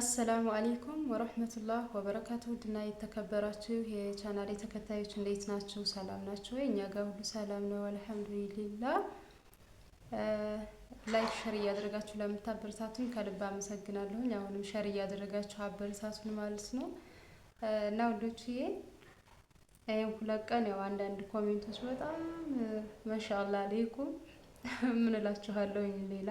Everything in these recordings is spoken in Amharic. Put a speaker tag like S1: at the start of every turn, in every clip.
S1: አሰላሙ አሌይኩም ወረህመቱላህ ወበረካቱ ውድና የተከበራችሁ የቻናሌ ተከታዮች እንዴት ናችሁ? ሰላም ናችሁ ወይ? እኛ ጋር ሁሉ ሰላም ነው አልሐምዱሊላ። ላይክ ሸር እያደረጋችሁ ለምታበረታቱን ከልብ አመሰግናለሁኝ። አሁንም ሸር እያደረጋችሁ አበረታቱን ማለት ነው እና ወንዶችዬ ይህም ሁለት ቀን ያው አንዳንድ ኮሜንቶች በጣም መሻአላ አሌይኩም ምንላችኋለሁኝ ሌላ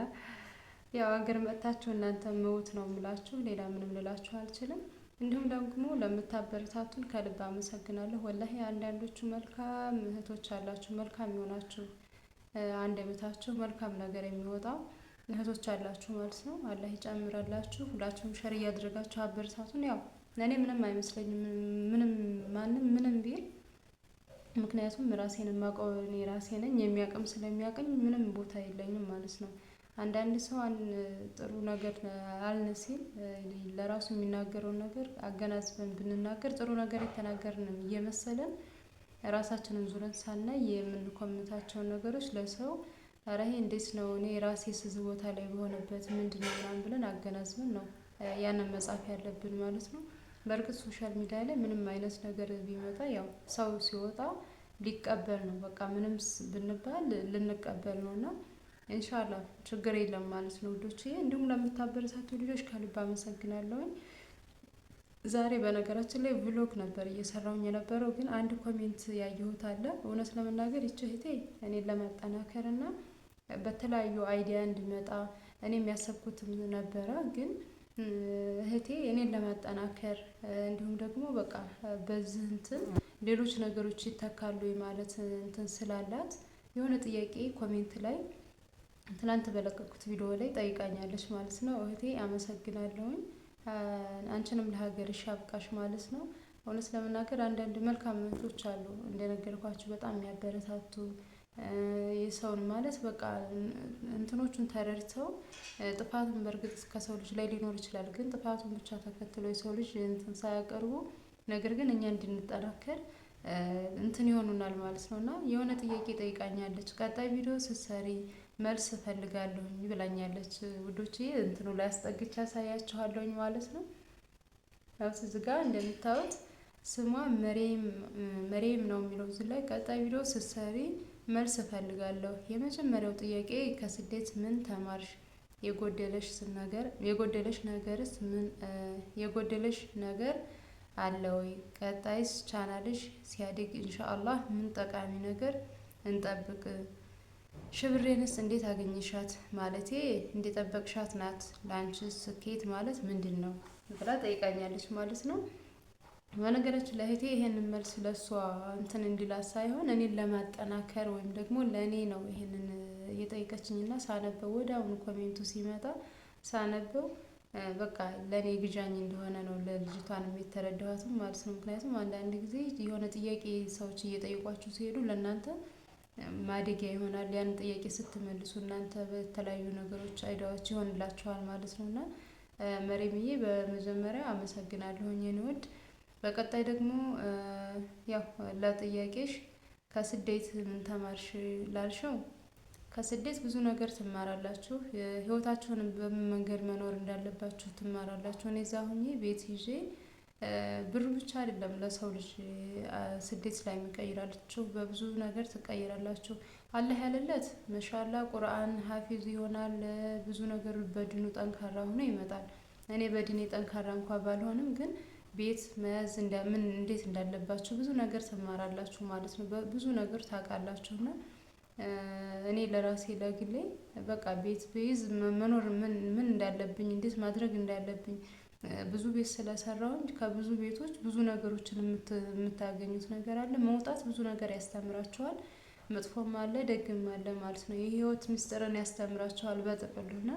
S1: ያው አገር መጥታችሁ እናንተ መውት ነው የምላችሁ፣ ሌላ ምንም ልላችሁ አልችልም። እንዲሁም ደግሞ ለምታበረታቱን ከልብ አመሰግናለሁ። ወላሂ አንዳንዶቹ መልካም እህቶች አላችሁ፣ መልካም የሆናችሁ አንድ ቤታችሁ መልካም ነገር የሚወጣው እህቶች አላችሁ ማለት ነው። አላህ ይጨምራላችሁ። ሁላችሁም ሸር እያደረጋችሁ አበረታቱን። ያው ለእኔ ምንም አይመስለኝም ምንም ማንም ምንም ቢል ምክንያቱም ራሴን የማውቀው እኔ ራሴ ነኝ። ስለሚያቀኝ ምንም ቦታ የለኝም ማለት ነው። አንዳንድ ሰው ጥሩ ነገር አልን ሲል ለራሱ የሚናገረውን ነገር አገናዝበን ብንናገር ጥሩ ነገር የተናገርንም እየመሰለን ራሳችንን ዙረን ሳናይ የምንኮምታቸውን ነገሮች ለሰው ኧረ ይሄ እንዴት ነው እኔ ራሴ ስዝ ቦታ ላይ በሆነበት ምንድን ነው ምናምን ብለን አገናዝበን ነው ያንን መጻፍ ያለብን ማለት ነው። በእርግጥ ሶሻል ሚዲያ ላይ ምንም አይነት ነገር ቢመጣ ያው ሰው ሲወጣ ሊቀበል ነው። በቃ ምንም ብንባል ልንቀበል ነው እና እንሻላ ችግር የለም ማለት ነው ውዶች። እንዲሁም ለምታበረታቱ ልጆች ከልብ አመሰግናለሁኝ። ዛሬ በነገራችን ላይ ቭሎግ ነበር እየሰራውኝ የነበረው ግን አንድ ኮሜንት ያየሁት አለ። እውነት ለመናገር ይች እህቴ እኔን ለማጠናከር እና በተለያዩ አይዲያ እንድመጣ እኔ የሚያሰብኩትም ነበረ ግን እህቴ እኔን ለማጠናከር እንዲሁም ደግሞ በቃ በዚህ እንትን ሌሎች ነገሮች ይተካሉ ማለት እንትን ስላላት የሆነ ጥያቄ ኮሜንት ላይ ትናንት በለቀቁት ቪዲዮ ላይ ጠይቃኛለች ማለት ነው። እህቴ አመሰግናለሁኝ፣ አንቺንም ለሀገርሽ ያብቃሽ ማለት ነው። እውነት ለመናገር አንዳንድ መልካም እህቶች አሉ እንደነገርኳቸው በጣም የሚያበረታቱ የሰውን ማለት በቃ እንትኖቹን ተረድተው ጥፋቱን በእርግጥ ከሰው ልጅ ላይ ሊኖር ይችላል፣ ግን ጥፋቱን ብቻ ተከትሎ የሰው ልጅ እንትን ሳያቀርቡ ነገር ግን እኛ እንድንጠናከር እንትን ይሆኑናል ማለት ነው። እና የሆነ ጥያቄ ጠይቃኛለች። ቀጣይ ቪዲዮ ስትሰሪ መልስ እፈልጋለሁኝ ብላኛለች። ውዶች እንትኑ ላይ አስጠግቻ አሳያችኋለሁኝ ማለት ነው። ያው እዚህ ጋር እንደምታዩት ስሟ መሬም ነው የሚለው እዚህ ላይ ቀጣይ ቪዲዮ ስትሰሪ መልስ እፈልጋለሁ። የመጀመሪያው ጥያቄ ከስደት ምን ተማርሽ? የጎደለሽ ነገር የጎደለሽ ነገርስ ምን የጎደለሽ ነገር አለው። ቀጣይስ ቻናልሽ ሲያድግ ኢንሻአላህ ምን ጠቃሚ ነገር እንጠብቅ? ሽብሬንስ እንዴት አገኘሻት? ማለቴ እንደጠበቅሻት ናት? ለአንቺ ስኬት ማለት ምንድን ነው ብላ ጠይቃኛለች ማለት ነው። በነገራችን ላይ ይሄንን መልስ ለእሷ እንትን እንዲላት ሳይሆን እኔን ለማጠናከር ወይም ደግሞ ለእኔ ነው ይሄንን እየጠየቀችኝና ሳነበው ወደ አሁኑ ኮሜንቱ ሲመጣ ሳነበው በቃ ለእኔ ግዣኝ እንደሆነ ነው ለልጅቷንም የተረዳኋትም ማለት ነው። ምክንያቱም አንዳንድ ጊዜ የሆነ ጥያቄ ሰዎች እየጠየቋችሁ ሲሄዱ ለእናንተ ማደጊያ ይሆናል። ያን ጥያቄ ስትመልሱ እናንተ በተለያዩ ነገሮች አይዳዎች ይሆንላችኋል ማለት ነው። እና መሬምዬ በመጀመሪያ አመሰግናለሁኝ የኔ ውድ። በቀጣይ ደግሞ ያው ለጥያቄሽ ከስደት ምን ተማርሽ ላልሽው ከስደት ብዙ ነገር ትማራላችሁ። ህይወታችሁንም በምን መንገድ መኖር እንዳለባችሁ ትማራላችሁ። እኔ እዛ ሁኜ ቤት ይዤ ብሩ ብቻ አይደለም ለሰው ልጅ ስደት ላይ የሚቀይራላችሁ በብዙ ነገር ትቀይራላችሁ። አላህ ያለለት መሻላ ቁርአን ሀፊዝ ይሆናል። ብዙ ነገር በድኑ ጠንካራ ሆኖ ይመጣል። እኔ በድኔ ጠንካራ እንኳ ባልሆንም ግን ቤት መያዝ ምን እንዴት እንዳለባችሁ ብዙ ነገር ትማራላችሁ ማለት ነው። ብዙ ነገር ታውቃላችሁና እኔ ለራሴ ለግሌ በቃ ቤት ብይዝ መኖር ምን እንዳለብኝ እንዴት ማድረግ እንዳለብኝ ብዙ ቤት ስለሰራውኝ ከብዙ ቤቶች ብዙ ነገሮችን የምታገኙት ነገር አለ። መውጣት ብዙ ነገር ያስተምራቸዋል መጥፎም አለ ደግም አለ ማለት ነው። የህይወት ምስጢርን ያስተምራቸዋል በጥቅሉና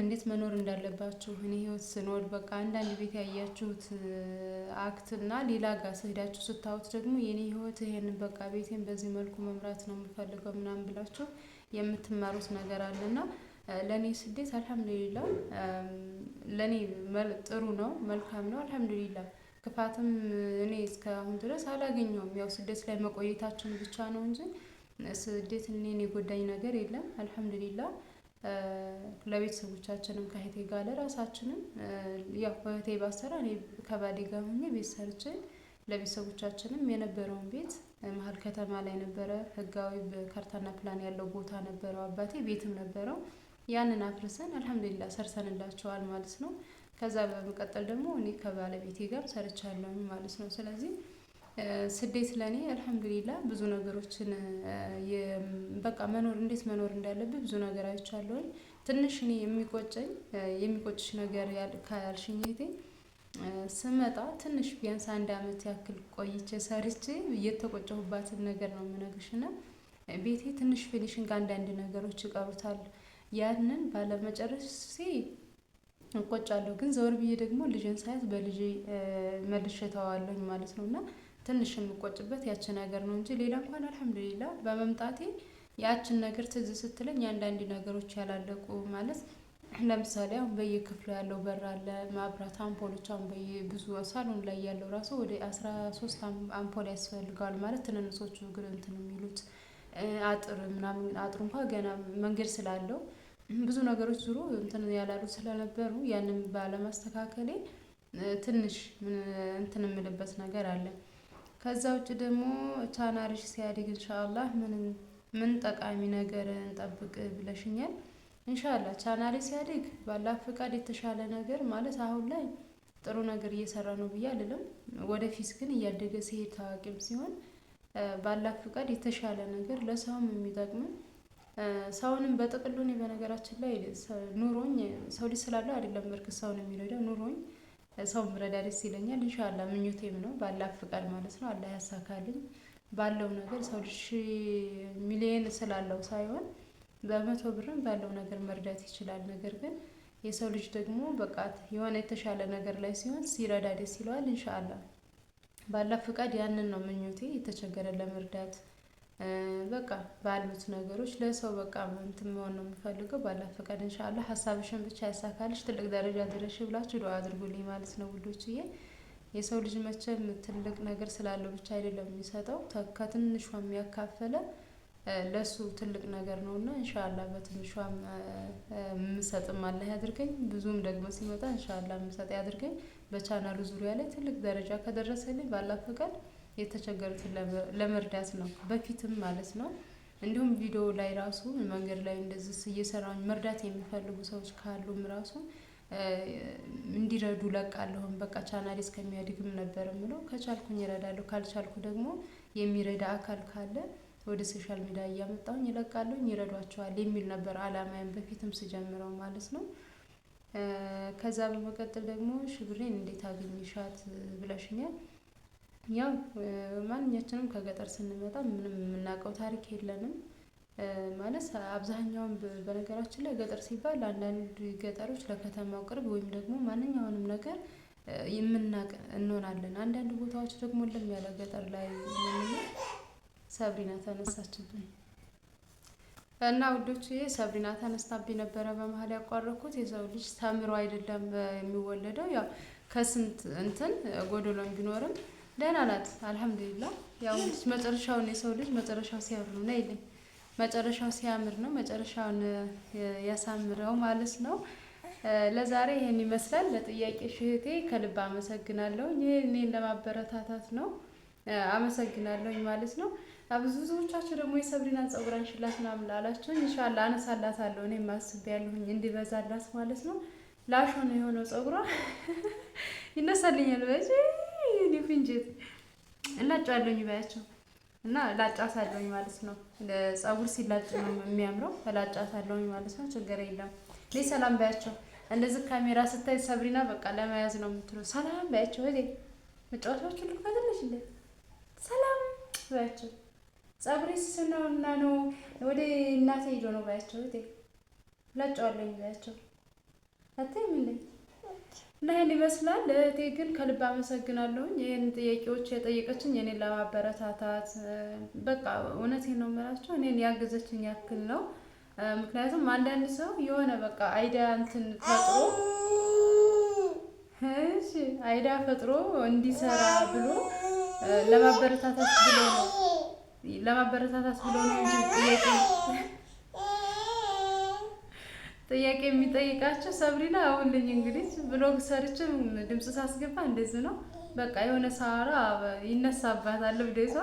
S1: እንዴት መኖር እንዳለባችሁ እኔ ህይወት ስኖር በቃ አንዳንድ ቤት ያያችሁት አክት እና ሌላ ጋር ስሄዳችሁ ስታዩት ደግሞ የኔ ህይወት ይሄንን በቃ ቤቴን በዚህ መልኩ መምራት ነው የምፈልገው ምናምን ብላችሁ የምትመሩት ነገር አለና ለእኔ ስደት አልሐምዱሊላ ለእኔ ጥሩ ነው፣ መልካም ነው። አልሐምዱሊላ ክፋትም እኔ እስካሁን ድረስ አላገኘውም። ያው ስደት ላይ መቆየታችን ብቻ ነው እንጂ ስደት እኔን የጎዳኝ ነገር የለም። አልሐምዱሊላ ለቤተሰቦቻችንም ከእህቴ ጋር ለራሳችንም ያው እህቴ እኔ ከባዴ ጋር ሆኜ ቤት ሰርቼ ለቤተሰቦቻችንም የነበረውን ቤት መሀል ከተማ ላይ ነበረ። ህጋዊ ካርታና ፕላን ያለው ቦታ ነበረው። አባቴ ቤትም ነበረው። ያንን አፍርሰን አልሐምዱሊላ ሰርሰንላቸዋል ማለት ነው። ከዛ በመቀጠል ደግሞ እኔ ከባለቤቴ ጋር ሰርቻለሁ ማለት ነው። ስለዚህ ስደት ለእኔ አልሐምዱሊላ ብዙ ነገሮችን በቃ መኖር እንዴት መኖር እንዳለብህ ብዙ ነገር አይቻለሁኝ። ትንሽ እኔ የሚቆጨኝ የሚቆጭሽ ነገር ካልሽኝ እህቴ ስመጣ ትንሽ ቢያንስ አንድ አመት ያክል ቆይቼ ሰርቼ እየተቆጨሁባትን ነገር ነው የምነግርሽና ቤቴ ትንሽ ፊኒሽንግ አንዳንድ ነገሮች ይቀሩታል። ያንን ባለመጨረሴ እቆጫለሁ። ግን ዘወር ብዬ ደግሞ ልጅን ሳያት በልጄ መልሼ ተዋዋለሁኝ ማለት ነው እና ትንሽ የምቆጭበት ያችን ነገር ነው እንጂ ሌላ እንኳን አልሐምዱሊላ በመምጣቴ ያችን ነገር ትዝ ስትለኝ አንዳንድ ነገሮች ያላለቁ ማለት ለምሳሌ አሁን በየክፍሉ ያለው በር አለ ማብራት አምፖሎች፣ አሁን በየብዙ ሳሎን ላይ ያለው ራሱ ወደ አስራ ሶስት አምፖል ያስፈልገዋል ማለት ትንንሶቹ ግን እንትን የሚሉት አጥር ምናምን አጥሩ እንኳ ገና መንገድ ስላለው ብዙ ነገሮች ዙሮ እንትን ያላሉ ስለነበሩ ያንን ባለማስተካከሌ ትንሽ እንትን የምልበት ነገር አለ። ከዛ ውጭ ደግሞ ቻናልሽ ሲያድግ ኢንሻአላህ ምን ጠቃሚ ነገር እንጠብቅ ብለሽኛል። ኢንሻአላህ ቻናሪ ሲያድግ ባላ ፈቃድ የተሻለ ነገር ማለት አሁን ላይ ጥሩ ነገር እየሰራ ነው ብዬ አልልም። ወደፊት ግን እያደገ ሲሄድ ታዋቂም ሲሆን ባላ ፈቃድ የተሻለ ነገር ለሰውም የሚጠቅም ሰውንም በጥቅሉ እኔ በነገራችን ላይ ኑሮኝ ሰው ልጅ ስላለው አይደለም በርግጥ ሰውን የሚረዳ ኑሮኝ ሰው ብረዳ ደስ ይለኛል። እንሻላ ምኞቴም ነው ባላ ፍቃድ ማለት ነው። አላህ ያሳካልኝ ባለው ነገር ሰው ልጅ ሚሊየን ስላለው ሳይሆን በመቶ ብርም ባለው ነገር መርዳት ይችላል። ነገር ግን የሰው ልጅ ደግሞ በቃ የሆነ የተሻለ ነገር ላይ ሲሆን ሲረዳ ደስ ይለዋል። እንሻላ ባላ ፍቃድ ያንን ነው ምኞቴ የተቸገረ ለመርዳት በቃ ባሉት ነገሮች ለሰው በቃ እንትን መሆን ነው የምፈልገው። ባላ ፈቃድ እንሻላ ሀሳብሽን ብቻ ያሳካልሽ ትልቅ ደረጃ ድረሽ ብላችሁ ዱዓ አድርጉልኝ ማለት ነው ውዶችዬ። የሰው ልጅ መቼም ትልቅ ነገር ስላለው ብቻ አይደለም የሚሰጠው ከትንሿ የሚያካፈለ ለሱ ትልቅ ነገር ነው እና እንሻላ በትንሿ የምሰጥም አላህ ያድርገኝ። ብዙም ደግሞ ሲመጣ እንሻላ የምሰጥ ያድርገኝ። በቻናሉ ዙሪያ ላይ ትልቅ ደረጃ ከደረሰልኝ ባላ ፈቃድ የተቸገሩትን ለመርዳት ነው። በፊትም ማለት ነው። እንዲሁም ቪዲዮ ላይ ራሱ መንገድ ላይ እንደዚህ እየሰራ መርዳት የሚፈልጉ ሰዎች ካሉም ራሱ እንዲረዱ ለቃለሁም። በቃ ቻናሌ እስከሚያድግም ነበር ምለው ከቻልኩኝ ይረዳለሁ፣ ካልቻልኩ ደግሞ የሚረዳ አካል ካለ ወደ ሶሻል ሚዲያ እያመጣሁኝ ይለቃለሁ፣ ይረዷቸዋል የሚል ነበር አላማያን በፊትም ስጀምረው ማለት ነው። ከዛ በመቀጠል ደግሞ ሽብሬን እንዴት አገኘሻት ብለሽኛል። ያው ማንኛችንም ከገጠር ስንመጣ ምንም የምናውቀው ታሪክ የለንም። ማለት አብዛኛውን በነገራችን ላይ ገጠር ሲባል አንዳንድ ገጠሮች ለከተማው ቅርብ ወይም ደግሞ ማንኛውንም ነገር የምናውቅ እንሆናለን። አንዳንድ ቦታዎች ደግሞ ለም ያለ ገጠር ላይ ሰብሪና ተነሳችብኝ እና ውዶችዬ ሰብሪና ተነስታብኝ ነበረ በመሀል ያቋረኩት። የሰው ልጅ ተምሮ አይደለም የሚወለደው ያው ከስንት እንትን ጎደሎ ቢኖርም ደህና ናት። አልሐምዱሊላ ያው መጨረሻውን የሰው ልጅ መጨረሻው ሲያምር ነው ይልም መጨረሻው ሲያምር ነው መጨረሻውን ያሳምረው ማለት ነው። ለዛሬ ይሄን ይመስላል። ለጥያቄ ሽህቴ ከልብ አመሰግናለሁ። ይህ እኔን ለማበረታታት ነው። አመሰግናለሁኝ ማለት ነው። ብዙዎቻችሁ ደግሞ የሰብሪናን ፀጉር አንሽላት ምናምን ላላችሁ ኢንሻላህ አነሳላታለሁ። እኔም አስቤያለሁኝ እንዲበዛላት ማለት ነው። ላሾ ነው የሆነው ፀጉሯ ይነሳልኛል በዚህ ፍንጅት እላጫለሁኝ ባያቸው እና ላጫሳለሁኝ ማለት ነው። ፀጉር ሲላጭ ነው የሚያምረው። ላጫሳለሁኝ ማለት ነው። ችግር የለም። እኔ ሰላም ባያቸው እንደዚህ ካሜራ ስታይ ሰብሪና በቃ ለመያዝ ነው የምትለው። ሰላም ባያቸው ወዴ ሁሉ ልፋትነሽ እንደ ሰላም ባያቸው ፀጉሬ እና ነው ወደ እናቴ ሄዶ ነው ባያቸው ወዴ ላጫዋለኝ ባያቸው አታይ እንዴ እና ይህን ይመስላል። እህቴ ግን ከልብ አመሰግናለሁኝ። ይህን ጥያቄዎች የጠየቀችኝ እኔን ለማበረታታት በቃ እውነት ነው የምላቸው እኔን ያገዘችኝ ያክል ነው። ምክንያቱም አንዳንድ ሰው የሆነ በቃ አይዳ እንትን ፈጥሮ እሺ አይዳ ፈጥሮ እንዲሰራ ብሎ ለማበረታታት ብሎ ነው ለማበረታታት ብሎ ነው እንጂ ጥያቄ ጥያቄ የሚጠይቃቸው ሰብሪና አውልኝ እንግዲህ ብሎግ ሰርችም ድምፅ ሳስገባ እንደዚህ ነው። በቃ የሆነ ሳራ ይነሳባታል ብዴቷ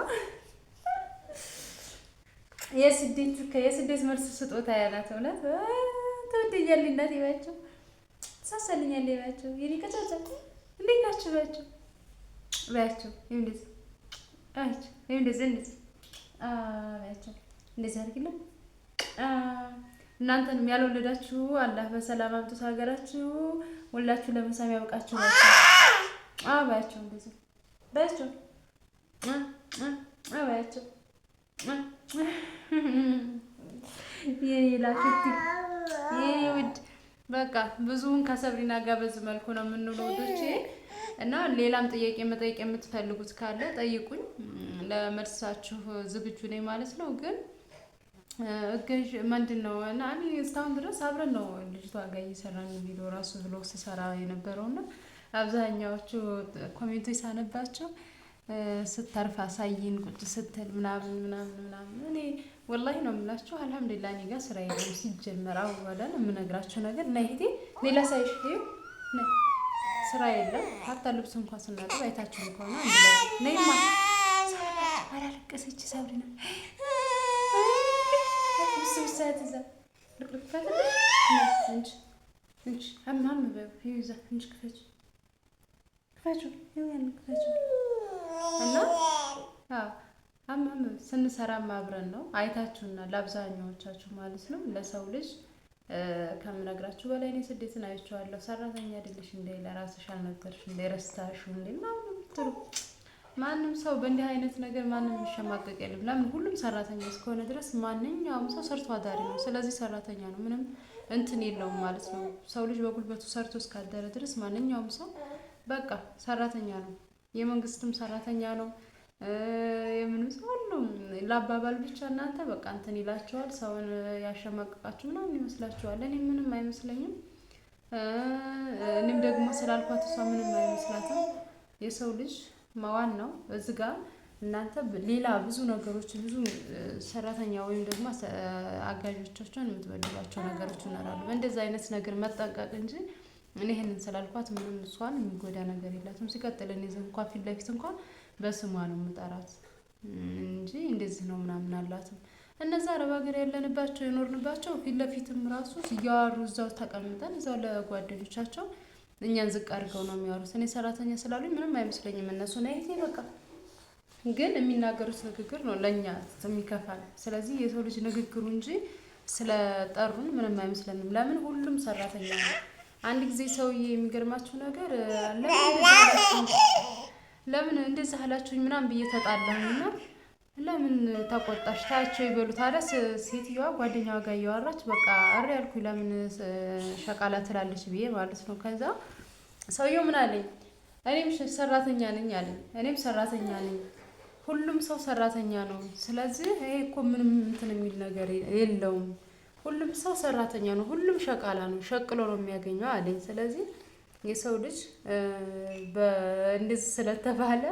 S1: የስደት የስደት መልስ ስጦታ ያላት እውነት ተወደኛል እናት ይባቸው ሳሰልኛል ይባቸው የኔ ከቻቻ እንዴት ናችሁ ባቸው ባያቸው እንደዚህ ይህ እንደዚህ እንደዚህ አ እንደዚህ አድርግልኝ እናንተንም ያልወለዳችሁ አላህ በሰላም አምጥቶ ሀገራችሁ ሁላችሁ ለመሳም ያብቃችሁ። አባያቸው እንደዚህ ባያቸው አባያቸው ይህ ውድ በቃ ብዙውን ከሰብሪና ጋር በዚህ መልኩ ነው የምንውለው ውዶቼ። እና ሌላም ጥያቄ መጠየቅ የምትፈልጉት ካለ ጠይቁኝ፣ ለመልሳችሁ ዝግጁ ነኝ ማለት ነው ግን እገዥ ምንድን ነው እና እኔ እስካሁን ድረስ አብረን ነው ልጅቷ ጋር እየሰራን ቪዲዮ ራሱ ብሎግ ስሰራ የነበረው እና አብዛኛዎቹ ኮሜንቶች ሳነባቸው ስተርፍ አሳይን ቁጭ ስትል ምናምን ምናምን ምናምን እኔ ወላሂ ነው የምላችሁ። አልሐምዱሊላህ እኔ ጋር ስራ የለም ሲጀመር አወላ ነው የምነግራችሁ ነገር ና ይሄቴ ሌላ ሳይሽ ስራ የለም ሀታ ልብስ እንኳ ስናጥብ አይታችሁ ከሆነ ነይማ አላለቀሰች ሰብሪ ነው ስንሰራም አብረን ነው አይታችሁና፣ ለአብዛኛዎቻችሁ ማለት ነው ለሰው ልጅ ከምነግራችሁ በላይ እኔ ስደትን አይቼዋለሁ። ሰራተኛ አይደለሽ እንደ ለራስሽ አልነበርሽ እንደ ረስታሽ እንደ ምናምን ማንም ሰው በእንዲህ አይነት ነገር ማንም የሚሸማቀቅ የለም። ለምን ሁሉም ሰራተኛ እስከሆነ ድረስ ማንኛውም ሰው ሰርቶ አዳሪ ነው። ስለዚህ ሰራተኛ ነው፣ ምንም እንትን የለውም ማለት ነው። ሰው ልጅ በጉልበቱ ሰርቶ እስካደረ ድረስ ማንኛውም ሰው በቃ ሰራተኛ ነው። የመንግስትም ሰራተኛ ነው። የምንም ሰው ሁሉም ለአባባል ብቻ እናንተ በቃ እንትን ይላቸዋል። ሰውን ያሸማቀቃችሁ ምናምን ይመስላችኋል። እኔ ምንም አይመስለኝም። እኔም ደግሞ ስላልኳት እሷ ምንም አይመስላትም የሰው ልጅ መዋል ነው። እዚህ ጋር እናንተ ሌላ ብዙ ነገሮች ብዙ ሰራተኛ ወይም ደግሞ አጋዦቻቸውን የምትበድሏቸው ነገሮች ይኖራሉ። በእንደዚ አይነት ነገር መጠንቀቅ እንጂ እኔ ይህንን ስላልኳት ምንም እሷን የሚጎዳ ነገር የላትም። ሲቀጥል እኔ እንኳ ፊት ለፊት እንኳን በስሟ ነው የምጠራት እንጂ እንደዚህ ነው ምናምን አላትም። እነዛ አረብ ሀገር ያለንባቸው የኖርንባቸው ፊት ለፊትም ራሱ እያዋሩ እዛው ተቀምጠን እዛው ለጓደኞቻቸው እኛን ዝቅ አድርገው ነው የሚያወሩት። እኔ ሰራተኛ ስላሉኝ ምንም አይመስለኝም እነሱ ነው ይሄ በቃ ግን የሚናገሩት ንግግር ነው ለእኛ የሚከፋል። ስለዚህ የሰው ልጅ ንግግሩ እንጂ ስለጠሩን ምንም አይመስለንም። ለምን ሁሉም ሰራተኛ ነው። አንድ ጊዜ ሰውዬ የሚገርማችሁ ነገር ለምን እንደዚህ አላችሁኝ ምናምን ብዬ ተጣላሁና ለምን ተቆጣሽ? ታያቸው ይበሉት አለ ሴትዮዋ። ጓደኛዋ ጋር እያወራች በቃ እሪ ያልኩ ለምን ሸቃላ ትላለች ብዬ ማለት ነው። ከዛ ሰውየው ምን አለኝ? እኔም ሰራተኛ ነኝ አለኝ። እኔም ሰራተኛ ነኝ፣ ሁሉም ሰው ሰራተኛ ነው። ስለዚህ ይሄ እኮ ምንም እንትን የሚል ነገር የለውም። ሁሉም ሰው ሰራተኛ ነው፣ ሁሉም ሸቃላ ነው፣ ሸቅሎ ነው የሚያገኘው አለኝ። ስለዚህ የሰው ልጅ እንደዚህ ስለተባለ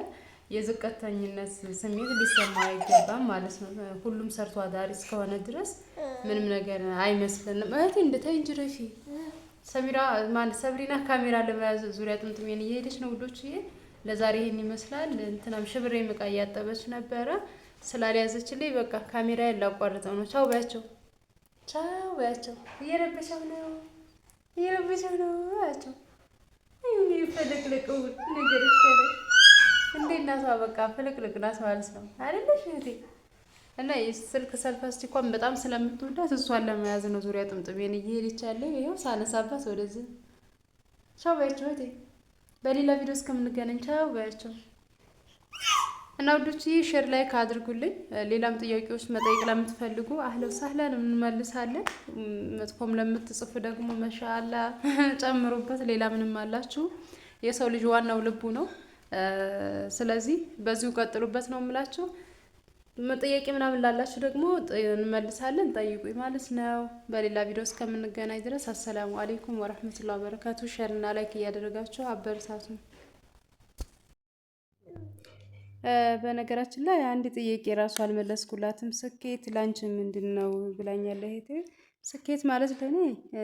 S1: የዝቅተኝነት ስሜት ሊሰማ አይገባም ማለት ነው። ሁሉም ሰርቶ አዳሪ እስከሆነ ድረስ ምንም ነገር አይመስለንም። እህቴ እንድታይ እንጂ ረፊ ሰሚራ ማለት ሰብሪና ካሜራ ለመያዝ ዙሪያ ጥምጥሜን እየሄደች ነው ውዶች። ይሄ ለዛሬ ይሄን ይመስላል። እንትናም ሽብሬ ምቃ እያጠበች ነበረ ስላልያዘችልኝ በቃ ካሜራ ያላቋረጠው ነው። ቻው በያቸው፣ ቻው በያቸው። እየረበሸው ነው፣ እየረበሻው ነው እየረበሻው ነው በያቸው ይሄ እናቷ በቃ ፍልቅልቅ ናት ማለት ነው አይደለሽ እህቴ? እና ስልክ ሰልፈስቲ እንኳን በጣም ስለምትወዳት እሷን ለመያዝ ነው ዙሪያ ጥምጥሜን እየሄደች ያለ ይኸው ሳነሳባት ወደዚህ። ቻው በያቸው እህቴ፣ በሌላ ቪዲዮ እስከምንገናኝ ቻው በያቸው። እና ውዶች ሼር ላይክ አድርጉልኝ። ሌላም ጥያቄዎች መጠየቅ ለምትፈልጉ አህለው ሳህላን እንመልሳለን። መጥፎም ለምትጽፉ ደግሞ መሻላ ጨምሩበት። ሌላ ምንም አላችሁ። የሰው ልጅ ዋናው ልቡ ነው። ስለዚህ በዚሁ ቀጥሉበት ነው የምላችሁ። ጥያቄ ምናምን ላላችሁ ደግሞ እንመልሳለን፣ ጠይቁኝ ማለት ነው። በሌላ ቪዲዮ እስከምንገናኝ ድረስ አሰላሙ አሌይኩም ወረህመቱላ በረካቱ። ሸር እና ላይክ እያደረጋችሁ አበረታቱ። በነገራችን ላይ አንድ ጥያቄ ራሱ አልመለስኩላትም። ስኬት ላንቺ ምንድን ነው ብላኛለ ሄቴ ስኬት ማለት ለእኔ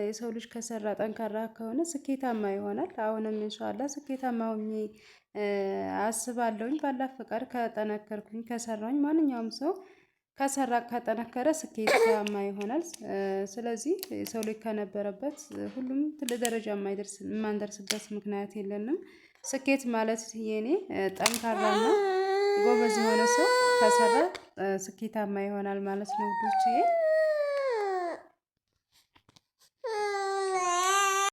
S1: የሰው ልጅ ከሰራ ጠንካራ ከሆነ ስኬታማ ይሆናል። አሁንም እንሻላ ስኬታማ ሆኜ አስባለሁኝ። ባላ ፈቃድ ከጠነከርኩኝ ከሰራኝ፣ ማንኛውም ሰው ከሰራ ከጠነከረ ስኬታማ ይሆናል። ስለዚህ የሰው ልጅ ከነበረበት ሁሉም ትልቅ ደረጃ የማንደርስበት ምክንያት የለንም። ስኬት ማለት የኔ ጠንካራና ጎበዝ የሆነ ሰው ከሰራ ስኬታማ ይሆናል ማለት ነው ውዶቼ።